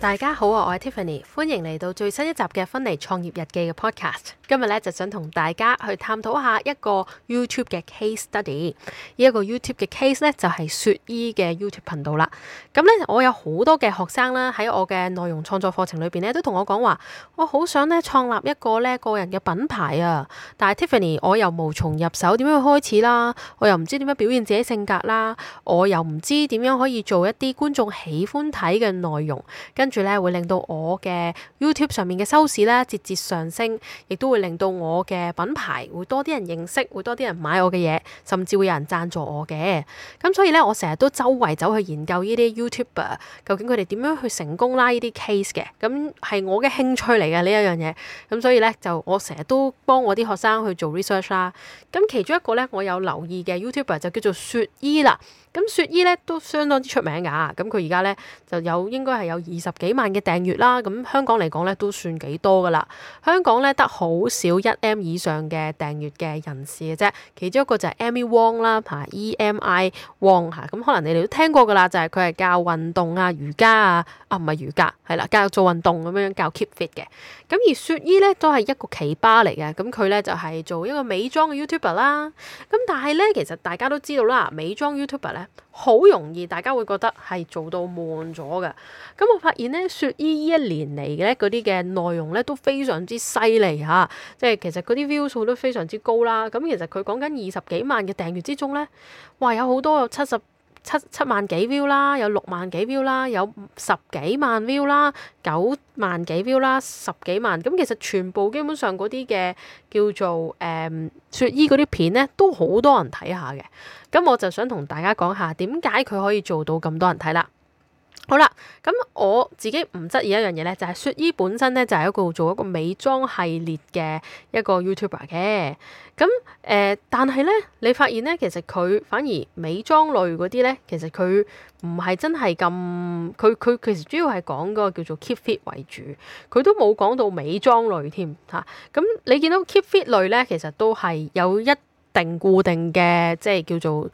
大家好，啊，我係 Tiffany，歡迎嚟到最新一集嘅《婚禮創業日記》嘅 Podcast。今日咧就想同大家去探討一下一個 YouTube 嘅 case study。這個、case 呢一個 YouTube 嘅 case 咧就係、是、雪姨嘅 YouTube 頻道啦。咁咧我有好多嘅學生啦喺我嘅內容創作課程裏邊咧都同我講話，我好想咧創立一個咧個人嘅品牌啊。但係 Tiffany 我又無從入手，點樣去開始啦？我又唔知點樣表現自己性格啦，我又唔知點樣可以做一啲觀眾喜歡睇嘅內容。跟跟住咧，會令到我嘅 YouTube 上面嘅收視咧節節上升，亦都會令到我嘅品牌會多啲人認識，會多啲人買我嘅嘢，甚至會有人贊助我嘅。咁所以咧，我成日都周圍走去研究呢啲 YouTuber，究竟佢哋點樣去成功拉呢啲 case 嘅。咁係我嘅興趣嚟嘅呢一樣嘢。咁所以咧，就我成日都幫我啲學生去做 research 啦。咁其中一個咧，我有留意嘅 YouTuber 就叫做雪姨啦。咁雪姨咧都相當之出名㗎，咁佢而家咧就有應該係有二十幾萬嘅訂閱啦，咁香港嚟講咧都算幾多㗎啦。香港咧得好少一 M 以上嘅訂閱嘅人士嘅啫。其中一個就係 Emi Wong 啦，吓 E M I Wong 嚇、啊，咁可能你哋都聽過㗎啦，就係佢係教運動啊、瑜伽啊，啊唔係瑜伽，係啦教做運動咁樣教 keep fit 嘅。咁而雪姨咧都係一個奇葩嚟嘅，咁佢咧就係、是、做一個美妝嘅 YouTuber 啦。咁、啊、但係咧，其實大家都知道啦，美妝 YouTuber 好容易，大家會覺得係做到悶咗嘅。咁我發現呢雪姨呢一年嚟呢嗰啲嘅內容呢都非常之犀利吓，即係其實嗰啲 view 數都非常之高啦。咁、啊、其實佢講緊二十幾萬嘅訂閱之中呢，哇有好多有七十七七萬幾 view 啦，有六萬幾 view 啦，有十幾萬 view 啦，九萬幾 view 啦，十幾萬。咁、啊、其實全部基本上嗰啲嘅叫做誒、嗯、雪姨嗰啲片呢，都好多人睇下嘅。咁我就想同大家講下點解佢可以做到咁多人睇啦。好啦，咁我自己唔質疑一樣嘢咧，就係雪姨本身咧就係一個做一個美妝系列嘅一個 YouTuber 嘅。咁、呃、誒，但係咧你發現咧，其實佢反而美妝類嗰啲咧，其實佢唔係真係咁，佢佢其實主要係講個叫做 Keep Fit 為主，佢都冇講到美妝類添嚇。咁、啊、你見到 Keep Fit 類咧，其實都係有一。定固定嘅即係叫做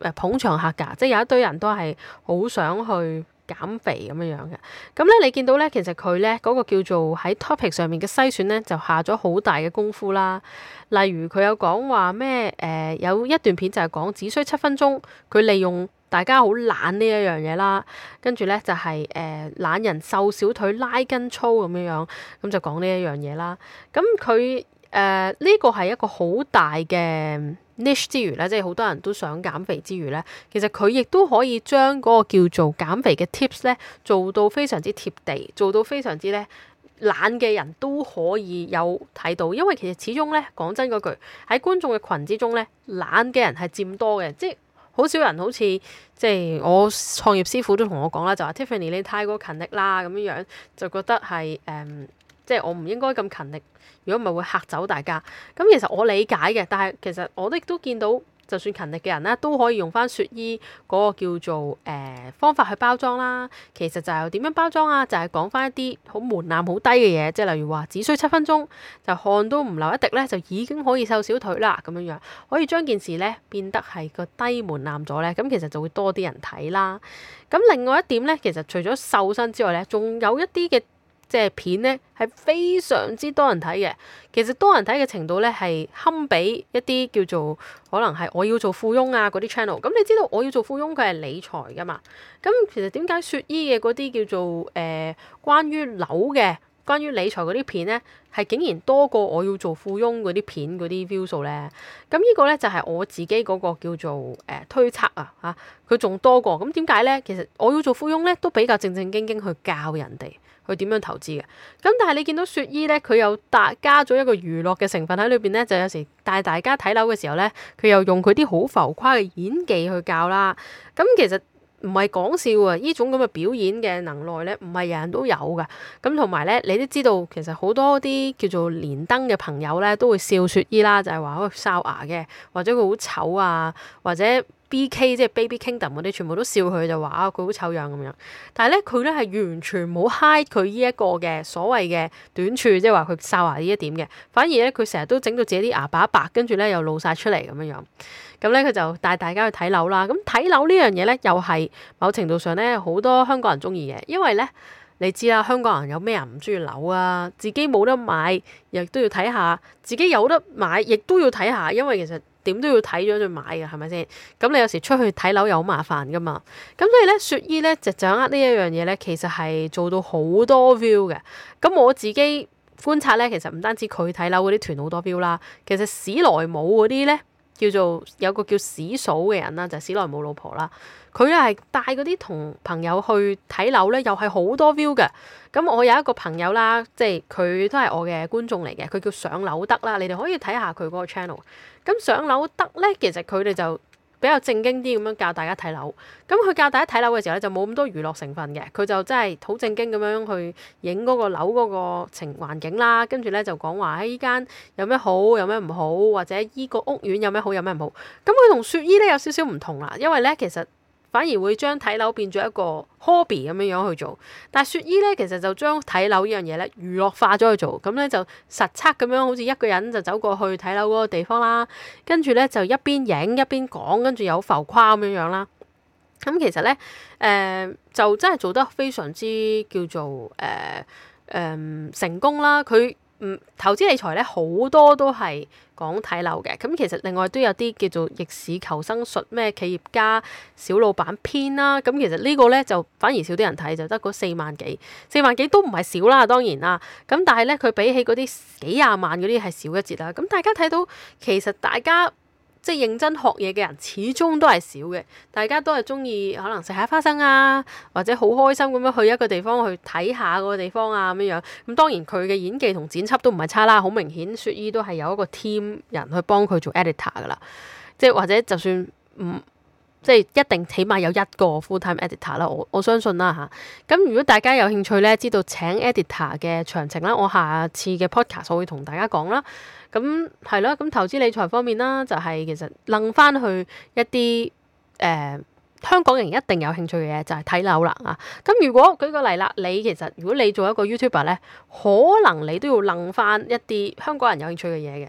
誒捧場客㗎，即係有一堆人都係好想去減肥咁樣樣嘅。咁咧你見到咧，其實佢咧嗰個叫做喺 topic 上面嘅篩選咧，就下咗好大嘅功夫啦。例如佢有講話咩誒有一段片就係講只需七分鐘，佢利用大家好懶呢一樣嘢啦。跟住咧就係誒懶人瘦小腿拉筋操咁樣樣，咁就講呢一樣嘢啦。咁佢。誒呢、uh, 個係一個好大嘅 niche 之餘咧，即係好多人都想減肥之餘咧，其實佢亦都可以將嗰個叫做減肥嘅 tips 咧做到非常之貼地，做到非常之咧，懶嘅人都可以有睇到，因為其實始終咧，講真嗰句，喺觀眾嘅群之中咧懶嘅人係佔多嘅，即係好少人好似即係我創業師傅都同我講啦，就話 Tiffany 你太過勤力啦咁樣樣，就覺得係誒。Um, 即係我唔應該咁勤力，如果唔係會嚇走大家。咁其實我理解嘅，但係其實我都亦都見到，就算勤力嘅人咧，都可以用返雪姨嗰個叫做誒、呃、方法去包裝啦。其實就係點樣包裝啊？就係、是、講返一啲好門檻好低嘅嘢，即係例如話只需七分鐘就汗都唔流一滴咧，就已經可以瘦小腿啦咁樣樣，可以將件事咧變得係個低門檻咗咧。咁其實就會多啲人睇啦。咁另外一點咧，其實除咗瘦身之外咧，仲有一啲嘅。即係片咧，係非常之多人睇嘅。其實多人睇嘅程度咧，係堪比一啲叫做可能係我要做富翁啊嗰啲 channel。咁你知道我要做富翁佢係理財㗎嘛？咁其實點解雪姨嘅嗰啲叫做誒、呃、關於樓嘅？關於理財嗰啲片咧，係竟然多過我要做富翁嗰啲片嗰啲 view 數咧。咁呢個咧就係、是、我自己嗰個叫做誒、呃、推測啊嚇，佢仲多過。咁點解咧？其實我要做富翁咧都比較正正經經去教人哋去點樣投資嘅。咁但係你見到雪姨咧，佢又搭加咗一個娛樂嘅成分喺裏邊咧，就有時帶大家睇樓嘅時候咧，佢又用佢啲好浮誇嘅演技去教啦。咁其實～唔係講笑啊！呢種咁嘅表演嘅能耐咧，唔係人人都有噶。咁同埋咧，你都知道，其實好多啲叫做連登嘅朋友咧，都會笑雪姨啦，就係話：喂，哨牙嘅，或者佢好醜啊，或者。B.K. 即係 Baby Kingdom 嗰啲，全部都笑佢就話啊，佢好醜樣咁樣。但係咧，佢咧係完全冇 hide 佢呢一個嘅所謂嘅短處，即係話佢哨牙呢一點嘅。反而咧，佢成日都整到自己啲牙白一白，跟住咧又露晒出嚟咁樣樣。咁咧，佢就帶大家去睇樓啦。咁睇樓呢樣嘢咧，又係某程度上咧，好多香港人中意嘅，因為咧，你知啦，香港人有咩人唔中意樓啊？自己冇得買，亦都要睇下；自己有得買，亦都要睇下，因為其實。點都要睇咗再買嘅，係咪先？咁你有時出去睇樓又好麻煩噶嘛？咁所以咧，雪姨咧就掌握呢一樣嘢咧，其實係做到好多 view 嘅。咁我自己觀察咧，其實唔單止佢睇樓嗰啲團好多 view 啦，其實史萊姆嗰啲咧。叫做有個叫史嫂嘅人啦，就是、史萊姆老婆啦。佢咧係帶嗰啲同朋友去睇樓咧，又係好多 view 嘅。咁我有一個朋友啦，即係佢都係我嘅觀眾嚟嘅，佢叫上樓德啦。你哋可以睇下佢嗰個 channel。咁上樓德咧，其實佢哋就～比較正經啲咁樣教大家睇樓，咁佢教大家睇樓嘅時候咧就冇咁多娛樂成分嘅，佢就真係好正經咁樣去影嗰個樓嗰個情環境啦，跟住咧就講話欸依間有咩好，有咩唔好，或者依個屋苑有咩好，有咩唔好。咁佢同雪姨咧有少少唔同啦，因為咧其實。反而會將睇樓變咗一個 hobby 咁樣樣去做，但雪姨咧其實就將睇樓呢樣嘢咧娛樂化咗去做，咁咧就實測咁樣，好似一個人就走過去睇樓嗰個地方啦，跟住咧就一邊影一邊講，跟住有浮誇咁樣樣啦。咁、嗯、其實咧，誒、呃、就真係做得非常之叫做誒誒、呃呃、成功啦。佢唔、嗯、投資理財咧好多都係。講睇樓嘅，咁其實另外都有啲叫做逆市求生術，咩企業家、小老闆編啦，咁其實呢個呢，就反而少啲人睇，就得嗰四萬幾，四萬幾都唔係少啦，當然啦，咁但係呢，佢比起嗰啲幾廿萬嗰啲係少一截啦，咁大家睇到其實大家。即係認真學嘢嘅人，始終都係少嘅。大家都係中意可能食下花生啊，或者好開心咁樣去一個地方去睇下個地方啊咁樣。咁當然佢嘅演技同剪輯都唔係差啦，好明顯雪姨都係有一個 team 人去幫佢做 editor 噶啦。即係或者就算唔。嗯即係一定，起碼有一個 full-time editor 啦。我我相信啦嚇。咁如果大家有興趣咧，知道請 editor 嘅詳情啦，我下次嘅 podcast 我會同大家講啦。咁係咯，咁投資理財方面啦，就係、是、其實掹翻去一啲誒、呃、香港人一定有興趣嘅嘢，就係、是、睇樓啦啊。咁如果舉個例啦，你其實如果你做一個 YouTuber 咧，可能你都要掹翻一啲香港人有興趣嘅嘢嘅。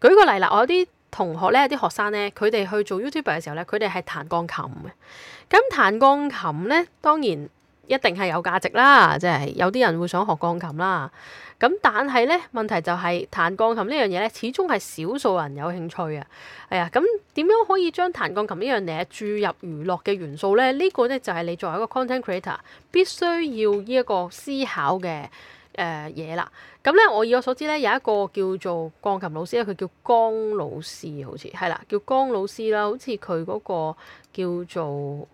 舉個例啦，我有啲。同學咧，啲學生咧，佢哋去做 YouTuber 嘅時候咧，佢哋係彈鋼琴嘅。咁彈鋼琴咧，當然一定係有價值啦，即係有啲人會想學鋼琴啦。咁但係咧，問題就係彈鋼琴呢樣嘢咧，始終係少數人有興趣啊。哎呀，咁點樣可以將彈鋼琴呢樣嘢注入娛樂嘅元素咧？呢個咧就係你作為一個 content creator 必須要呢一個思考嘅。誒嘢啦，咁咧、呃、我以我所知咧，有一個叫做鋼琴老師啊，佢叫，叫江老師，好似係啦，叫江老師啦，好似佢嗰個叫做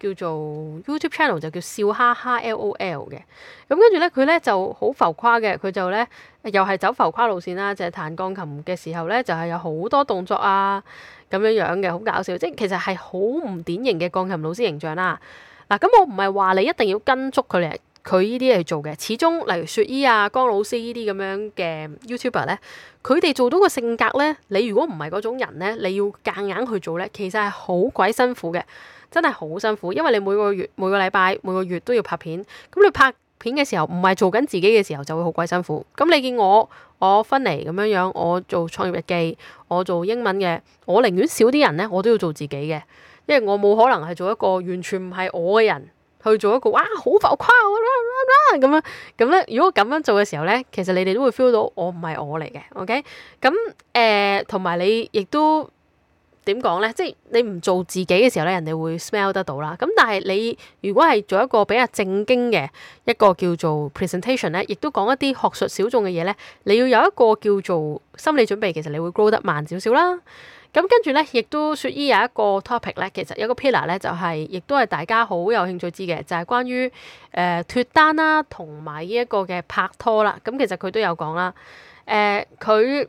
叫做 YouTube channel 就叫笑哈哈 LOL 嘅，咁跟住咧佢咧就好浮誇嘅，佢就咧又係走浮誇路線啦，就係、是、彈鋼琴嘅時候咧就係、是、有好多動作啊咁樣樣嘅，好搞笑，即係其實係好唔典型嘅鋼琴老師形象啦。嗱、啊、咁我唔係話你一定要跟足佢哋。佢依啲係做嘅，始終例如雪姨啊、江老師依啲咁樣嘅 YouTuber 咧，佢哋做到個性格咧，你如果唔係嗰種人咧，你要夾硬去做咧，其實係好鬼辛苦嘅，真係好辛苦。因為你每個月、每個禮拜、每個月都要拍片，咁你拍片嘅時候唔係做緊自己嘅時候，時候就會好鬼辛苦。咁你見我我分離咁樣樣，我做創業日記，我做英文嘅，我寧願少啲人咧，我都要做自己嘅，因為我冇可能係做一個完全唔係我嘅人。去做一個哇好浮誇咁樣咁咧，如果咁樣做嘅時候咧，其實你哋都會 feel 到我唔係我嚟嘅，OK？咁誒同埋你亦都點講咧？即係你唔做自己嘅時候咧，人哋會 smell 得到啦。咁但係你如果係做一個比較正經嘅一個叫做 presentation 咧，亦都講一啲學術小眾嘅嘢咧，你要有一個叫做心理準備，其實你會 grow 得慢少少啦。咁跟住咧，亦都雪姨有一個 topic 咧，其實一個 pillar 咧，就係、是、亦都係大家好有興趣知嘅，就係、是、關於誒、呃、脫單啦、啊，同埋呢一個嘅拍拖啦。咁、嗯、其實佢都有講啦，誒佢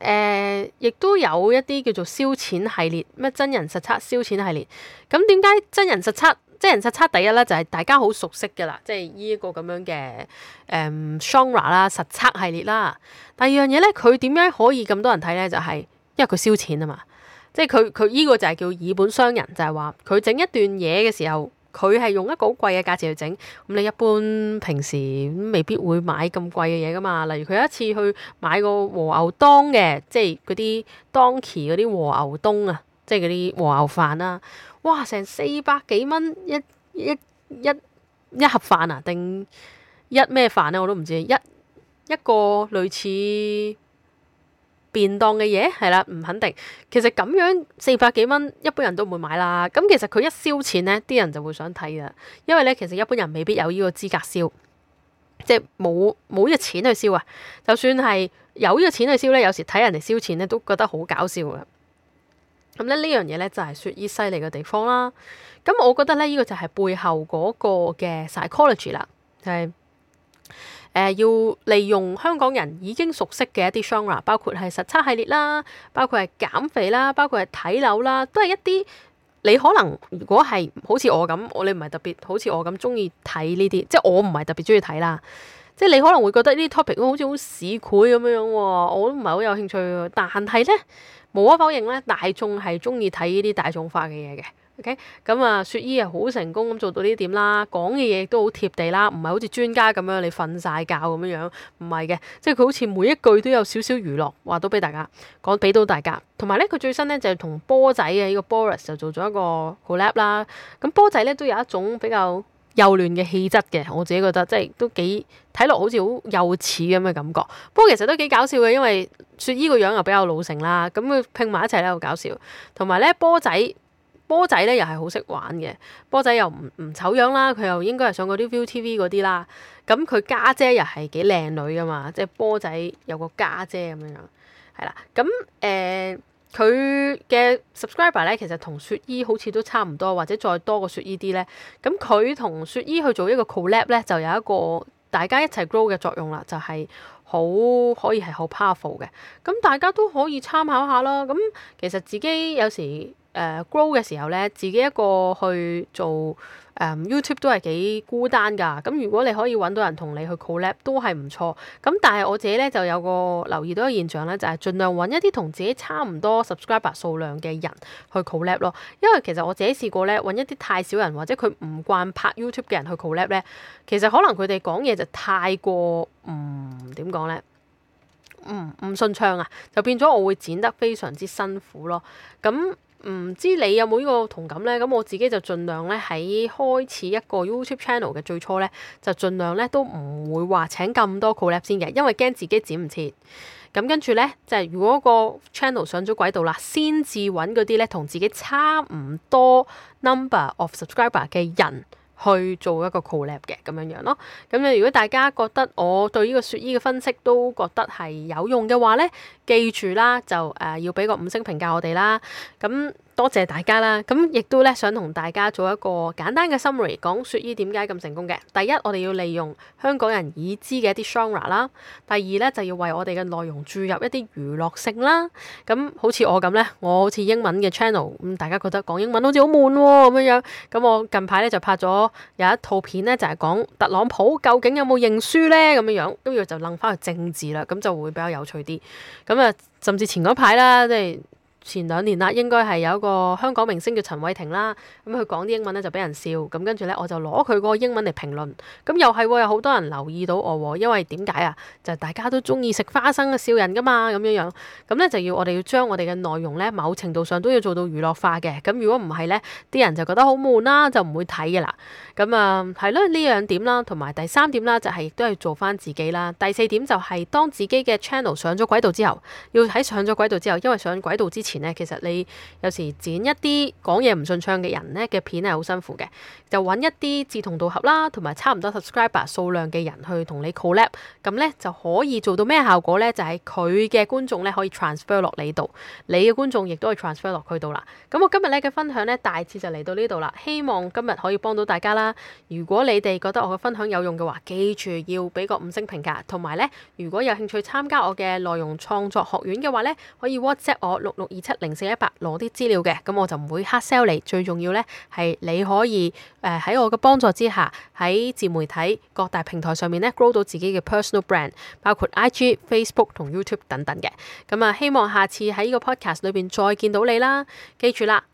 誒亦都有一啲叫做燒錢系列，咩真人實測燒錢系列。咁點解真人實測真人實測？第一咧就係、是、大家好熟悉嘅啦，即係呢一個咁樣嘅誒、嗯、genre 啦，實測系列啦。第二樣嘢咧，佢點樣可以咁多人睇咧？就係、是。因為佢燒錢啊嘛，即係佢佢呢個就係叫以本商人，就係話佢整一段嘢嘅時候，佢係用一個好貴嘅價錢去整。咁你一般平時未必會買咁貴嘅嘢噶嘛。例如佢一次去買個和牛當嘅，即係嗰啲當期嗰啲和牛當啊，即係嗰啲和牛飯啊。哇！成四百幾蚊一一一一盒飯啊？定一咩飯啊？我都唔知一一個類似。便當嘅嘢係啦，唔肯定。其實咁樣四百幾蚊，一般人都唔會買啦。咁其實佢一燒錢呢，啲人就會想睇啦。因為咧，其實一般人未必有呢個資格燒，即係冇冇呢個錢去燒啊。就算係有呢個錢去燒咧，有時睇人哋燒錢咧，都覺得好搞笑嘅。咁咧呢樣嘢咧就係、是、雪姨犀利嘅地方啦。咁我覺得咧呢、這個就係背後嗰個嘅 psychology 啦，係。誒、呃、要利用香港人已經熟悉嘅一啲 genre，包括係實測系列啦，包括係減肥啦，包括係睇樓啦，都係一啲你可能如果係好似我咁，我哋唔係特別好似我咁中意睇呢啲，即係我唔係特別中意睇啦。即係你可能會覺得呢啲 topic 好似好市儈咁樣喎，我都唔係好有興趣。但係咧，無可否認咧，大眾係中意睇呢啲大眾化嘅嘢嘅。OK，咁啊，雪姨啊，好成功咁做到呢點啦。講嘅嘢都好貼地啦，唔係好似專家咁樣你瞓晒覺咁樣樣，唔係嘅，即係佢好似每一句都有少少娛樂，話到俾大家講，俾到大家。同埋咧，佢最新咧就係、是、同波仔嘅呢、呢個 Boris 就做咗一個 collab 啦。咁波仔咧都有一種比較幼嫩嘅氣質嘅，我自己覺得即係都幾睇落好似好幼齒咁嘅感覺。不過其實都幾搞笑嘅，因為雪姨個樣又比較老成啦，咁佢拼埋一齊咧好搞笑。同埋咧，波仔。波仔咧又係好識玩嘅，波仔又唔唔醜樣啦，佢又應該係上嗰啲 ViuTV 嗰啲啦。咁佢家姐又係幾靚女㗎嘛，即係波仔有個家姐咁樣。係啦，咁、嗯、誒佢、呃、嘅 subscriber 咧，其實同雪姨好似都差唔多，或者再多過雪姨啲咧。咁佢同雪姨去做一個 collab 咧，就有一個大家一齊 grow 嘅作用啦，就係、是、好可以係好 powerful 嘅。咁、嗯、大家都可以參考下囉。咁、嗯、其實自己有時。誒、uh, grow 嘅時候咧，自己一個去做誒、um, YouTube 都係幾孤單㗎。咁如果你可以揾到人同你去 collab 都係唔錯。咁但係我自己咧就有個留意到嘅現象咧，就係、是、盡量揾一啲同自己差唔多 subscriber 數量嘅人去 collab 咯。因為其實我自己試過咧，揾一啲太少人或者佢唔慣拍 YouTube 嘅人去 collab 咧，其實可能佢哋講嘢就太過唔點講咧，唔、嗯、唔、嗯嗯、順暢啊，就變咗我會剪得非常之辛苦咯。咁唔知你有冇呢個同感呢？咁我自己就盡量咧喺開始一個 YouTube channel 嘅最初呢，就盡量咧都唔會話請咁多 collab 先嘅，因為驚自己剪唔切。咁跟住呢，就係如果個 channel 上咗軌道啦，先至揾嗰啲呢同自己差唔多 number of subscriber 嘅人。去做一個 collab 嘅咁樣樣咯。咁樣，如果大家覺得我對呢個雪姨嘅分析都覺得係有用嘅話咧，記住啦，就誒要俾個五星評價我哋啦。咁。多謝大家啦，咁亦都咧想同大家做一個簡單嘅 summary，講雪姨點解咁成功嘅。第一，我哋要利用香港人已知嘅一啲 genre 啦。第二咧就要為我哋嘅內容注入一啲娛樂性啦。咁、嗯、好似我咁咧，我好似英文嘅 channel，咁大家覺得講英文好似好悶喎咁樣樣。咁、嗯、我近排咧就拍咗有一套片咧，就係講特朗普究竟有冇認輸咧咁樣樣，跟住就掹返去政治啦，咁就會比較有趣啲。咁、嗯、啊，甚至前嗰排啦，即係。前兩年啦，應該係有一個香港明星叫陳偉霆啦，咁佢講啲英文咧就俾人笑，咁跟住咧我就攞佢個英文嚟評論，咁又係喎，有好多人留意到我喎，因為點解啊？就大家都中意食花生嘅笑人噶嘛，咁樣樣，咁咧就要我哋要將我哋嘅內容咧，某程度上都要做到娛樂化嘅，咁如果唔係咧，啲人就覺得好悶啦，就唔會睇噶啦，咁啊，係咯，呢兩點啦，同埋第三點啦，就係亦都係做翻自己啦，第四點就係當自己嘅 channel 上咗軌道之後，要喺上咗軌道之後，因為上軌道之前。其實你有時剪一啲講嘢唔順暢嘅人呢嘅片係好辛苦嘅，就揾一啲志同道合啦，同埋差唔多 subscriber 數量嘅人去同你 collab，咁呢就可以做到咩效果呢？就係佢嘅觀眾呢可以 transfer 落你度，你嘅觀眾亦都可以 transfer 落佢度啦。咁我今日呢嘅分享呢，大致就嚟到呢度啦，希望今日可以幫到大家啦。如果你哋覺得我嘅分享有用嘅話，記住要俾個五星評價，同埋呢，如果有興趣參加我嘅內容創作學院嘅話呢，可以 WhatsApp 我六六二。七零四一八攞啲資料嘅，咁我就唔會黑 sell 你。最重要咧，係你可以誒喺、呃、我嘅幫助之下，喺自媒體各大平台上面咧 grow 到自己嘅 personal brand，包括 IG、Facebook 同 YouTube 等等嘅。咁啊，希望下次喺呢個 podcast 裏邊再見到你啦。記住啦～